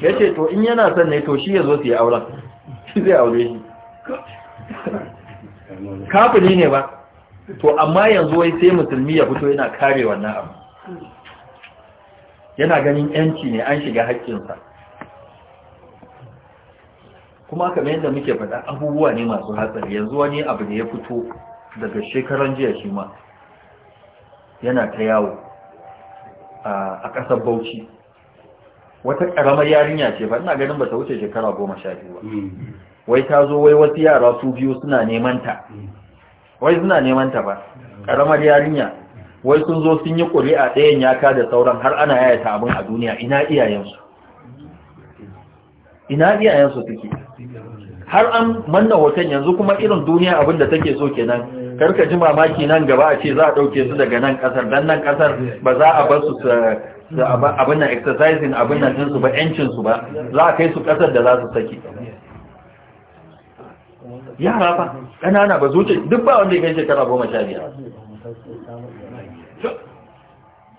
ya ce to in yana son ne to shi ya zo su yi auren shi zai aure shi kafiri ne ba to amma yanzu wai sai musulmi ya fito yana kare wannan abu yana ganin yanci ne an shiga haƙƙinsa kuma kamar yadda muke faɗa abubuwa ne masu hatsari yanzu wani abu da ya fito daga shekaran jiya shi ma yana ta yawo a ƙasar bauchi wata ƙaramar yarinya ce ba ina ganin ba ta wuce shekara goma sha biyu ba hmm. wai ta zo wai wasu yara su biyu suna neman ta wai suna neman ta ba karamar yarinya wai sun zo sun yi ƙuri'a ɗayan ya ka da sauran har ana yayata abin a duniya ina iyayensu ina iyayensu suke har an manna hoton yanzu kuma irin duniya abin da take so kenan karka ji mamaki nan gaba a ce za a ɗauke su daga nan ƙasar don nan ƙasar ba za a bar su abin nan exercising abin nan ɗinsu ba ‘yancinsu ba za a kai su ƙasar da za su sake yara ba ƙanana ba zuce duk ba wanda ya shekara goma sha biyar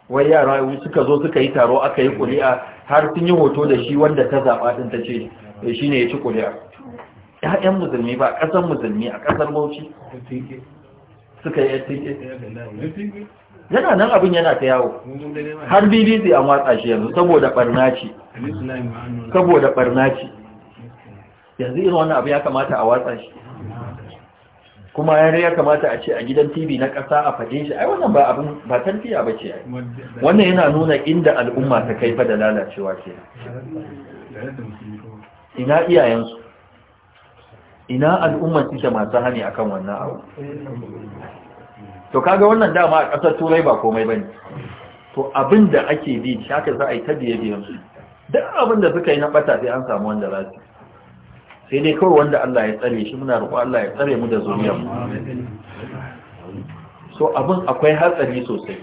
wai yara suka zo suka yi taro aka yi ƙuri'a har sun yi hoto da shi wanda ta zaɓa ɗin ta ce eh, shi ne ya ci ƙuri'a ƴaƴan musulmi ba ƙasar musulmi a ƙasar bauchi suka yi ftk yana nan abin yana ta yawo har bbc an watsa shi yanzu saboda ɓarnaci. saboda yanzu irin wani abu ya kamata a watsa shi kuma yare ya kamata a ce a gidan tv na ƙasa a fage shi ai wannan ba abin ba tarbiya ba ce wannan yana nuna inda al'umma ta kai fa da lalacewa ce ina iyayensu ina al'umma ke masu hani a kan wannan abu to kaga wannan dama a ƙasar turai ba komai ba ne. to abin da ake bi shaka za a yi ta biye biyan su duk abin da suka yi na ɓata sai an samu wanda za su sai dai kawai wanda Allah ya tsare shi muna roƙon Allah ya tsare mu da zuriyar so abin akwai hatsari sosai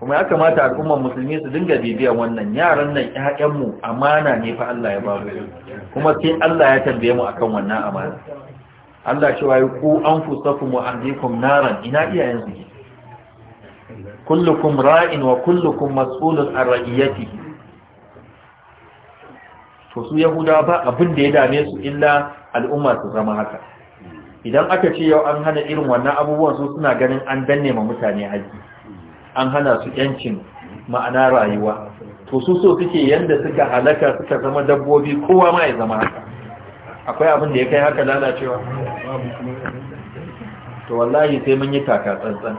kuma ya kamata al'ummar musulmi su dinga bibiyan wannan yaran nan mu amana ne fa Allah ya babu kuma sai Allah ya tambaye mu akan wannan amana Allah shi yi ku anfusakum wa ahlikum naran ina iyayen su kullukum ra'in wa kullukum mas'ulun an ra'iyatihi to su yahuda ba abin da ya dame su illa al'umma su zama haka idan aka ce yau an hana irin wannan abubuwan su suna ganin an danne ma mutane haji an hana su yancin ma'ana rayuwa to su so suke yanda suka halaka suka zama dabbobi kowa ma ya zama haka akwai abin da ya kai haka lalacewa to wallahi sai mun yi taka tsantsan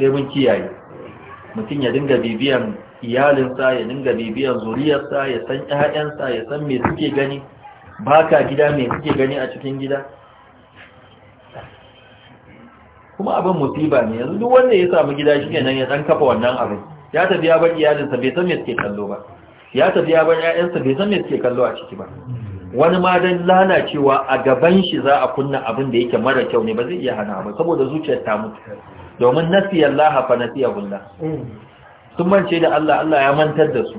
sai mun kiyaye mutum ya dinga bibiyan iyalinsa ya dinga bibiyar zuriyarsa ya san ƴaƴansa ya san me suke gani baka gida me suke gani a cikin gida kuma abin musiba ne yanzu duk wanda ya samu gida shi kenan ya dan kafa wannan abin ya tafi ya bar iyalinsa bai san me suke kallo ba ya tafi ya bar ƴaƴansa bai san me suke kallo a ciki ba wani ma dan cewa a gaban shi za a kunna abin da yake mara kyau ne ba zai iya hana ba saboda zuciyar ta mutu domin nasiya Allah fa nasiya hula. sun mance da Allah Allah ya mantar da su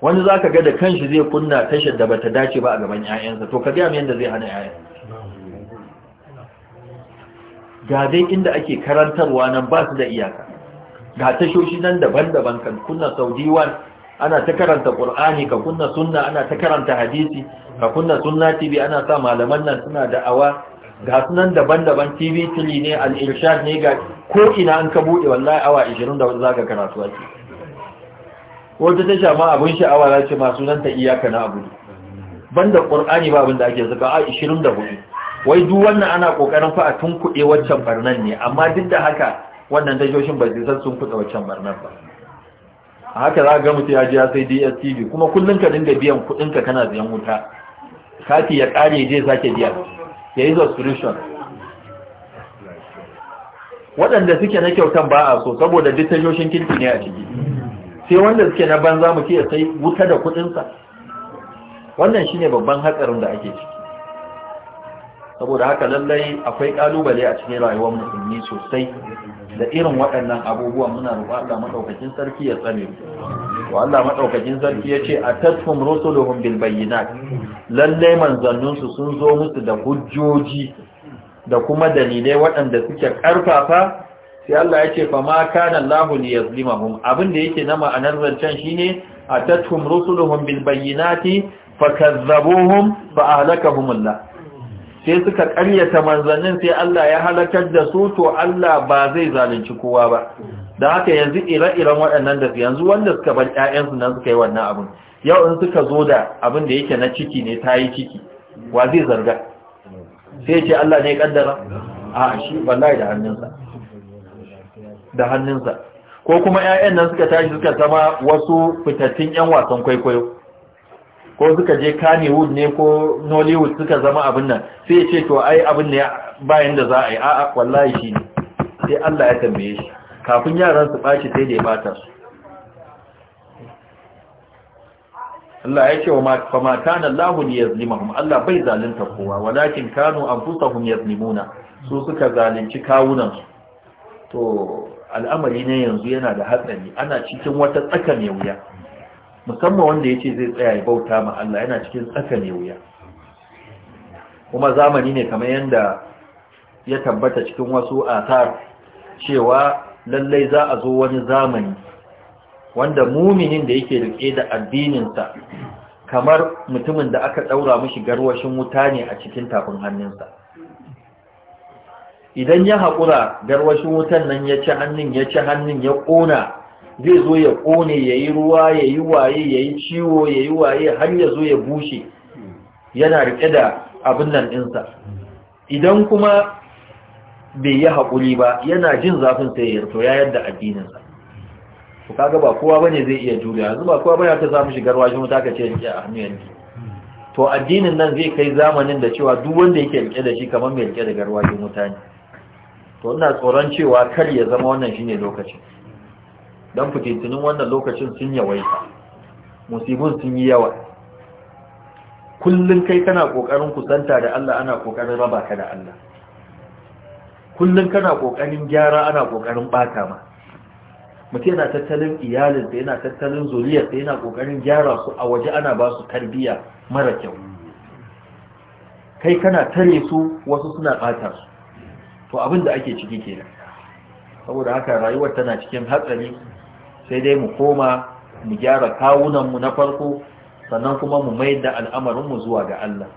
wani za ka ga da kanshi zai kunna tashar da bata dace ba a gaban 'ya'yansa to ka gaya mai yadda zai hana 'ya'yansa. ga dai inda ake karantarwa nan ba su da iyaka ga tashoshi nan daban-daban kan kunna saudiwan ana ta karanta ƙur'ani ka kunna sunna ana ta karanta hadisi ka kunna sunna tv ana sa malaman nan suna da'awa ga sunan daban-daban tv tili ne al'irshad ne ga ko'ina an ka buɗe wallahi awa 20 da za ka karatu ake wata ta shama ma abin sha'awa za ce masu nan ta iyaka na abu banda ƙur'ani ba abin da ake zaka a 24 wai duk wannan ana ƙoƙarin fa a tun kuɗe waccan barnan ne amma duk da haka wannan dajoshin ba zai sun kuɗe waccan barnan ba a haka za ka ga mutu ya ji ya sai dstv kuma kullum ka dinga biyan kuɗinka kana biyan wuta kati ya ƙare zai sake biya ya yi subscription waɗanda suke na kyautan ba a so saboda duk tashoshin kirki ne a ciki sai wanda suke na banza mu ke sai wuta da kuɗinsa wannan shine babban hatsarin da ake ciki saboda haka lallai akwai kalubale a cikin rayuwar musulmi sosai da irin waɗannan abubuwan muna roƙon Allah madaukakin sarki ya tsare mu to Allah madaukakin sarki yace atatum rusuluhum bil bayyinat lalle manzannun su sun zo musu da hujjoji da kuma dalilai waɗanda suke karfafa sai Allah yace fa ma kana Allahu Abin abinda yake na ma'anar zancen shine atatum rusuluhum bil bayyinati fakazzabuhum fa ahlakahum Allah sai suka ƙaryata manzannin sai Allah ya halakar da su to Allah ba zai zalunci kowa ba da haka yanzu ire-iren waɗannan da yanzu wanda suka bar ƴaƴansu nan suka yi wannan abin yau in suka zo da abin da yake na ciki ne ta yi ciki wa zai zarga sai ce Allah ne kaddara a shi wallahi da hannunsa da hannunsa ko kuma ƴaƴan nan suka tashi suka zama wasu fitattun ƴan wasan kwaikwayo ko suka je Kannywood ne ko Nollywood suka zama abin nan sai ce to ai abin ne bayan da za a yi a'a wallahi shi ne sai Allah ya tambaye shi kafin yaran su ɓaci sai da ya bata su Allah ya ce wa mata na lahun ya zlimahum Allah bai zalunta kowa walakin kanu an fusahun ya zlimuna su suka zalunci kawunansu to al'amari ne yanzu yana da hatsari ana cikin wata tsaka mai wuya musamman wanda ya ce zai tsaya ya bauta ma Allah yana cikin tsaka mai wuya kuma zamani ne kamar yadda ya tabbata cikin wasu asar cewa lallai za a zo wani zamani wanda muminin da yake rike da addininsa kamar mutumin da aka ɗaura mishi garwashin wuta ne a cikin tafin hannunsa idan ya haƙura garwashin wutan nan ya ci hannun ya ci hannun ya ƙona zai zo ya ƙone ya yi ruwa ya yi waye ya yi ciwo ya yi waye har ya zo ya bushe yana riƙe da abin nan ɗinsa idan kuma bai yi haƙuri ba yana jin zafin sai ya to ya yadda addininsa to kaga ba kowa bane zai iya juriya yanzu ba kowa bane ta samu shigar wajen wuta ka ce ya a hannu yanki to addinin nan zai kai zamanin da cewa duk wanda yake rike da shi kamar mai rike da garwajin wuta ne to ina tsoron cewa kar ya zama wannan shine lokacin dan fitintunin wannan lokacin sun yawaita musibun sun yi yawa kullun kai kana kokarin kusanta da Allah ana kokarin raba ka da Allah kullum kana kokarin gyara ana kokarin bata ma mutum yana tattalin iyalinsa yana tattalin zuriyarsa yana kokarin gyara su a waje ana ba su tarbiyya mara kyau kai kana tare su wasu suna bata su to abin da ake ciki kenan saboda haka rayuwar tana cikin hatsari sai dai mu koma mu gyara kawunanmu na farko sannan kuma mu mai da al'amarinmu zuwa ga Allah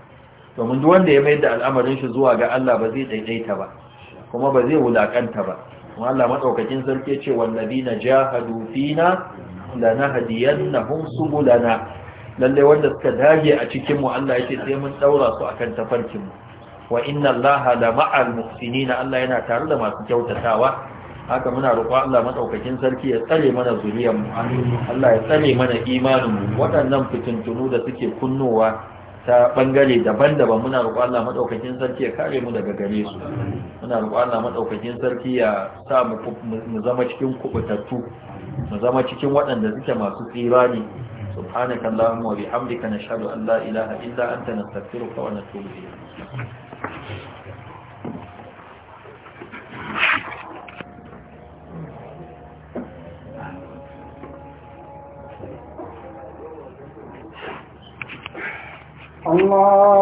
domin duk wanda ya mai da al'amarin shi zuwa ga Allah ba zai daidaita ba kuma ba zai wulakanta ba kuma Allah madaukakin sarki ce wallabina jahadu fina lanahdiyannahum subulana lalle wanda suka dage a cikin mu Allah yake sai mun daura su akan tafarkin mu wa inna Allaha la ma'al muhsinina Allah yana tare da masu kyautatawa haka muna roƙo Allah madaukakin sarki ya tsare mana zuriyar mu Allah ya tsare mana imanin mu waɗannan fitintunu da suke kunnowa ta bangare daban-daban muna roƙon Allah madaukakin sarki ya kare mu daga gare su muna roƙon Allah madaukakin sarki ya sa mu zama cikin kubutattu mu zama cikin waɗanda suke masu tsira ne wa bihamdika nashhadu an la ilaha illa anta nastaghfiruka wa natubu ilayk Allah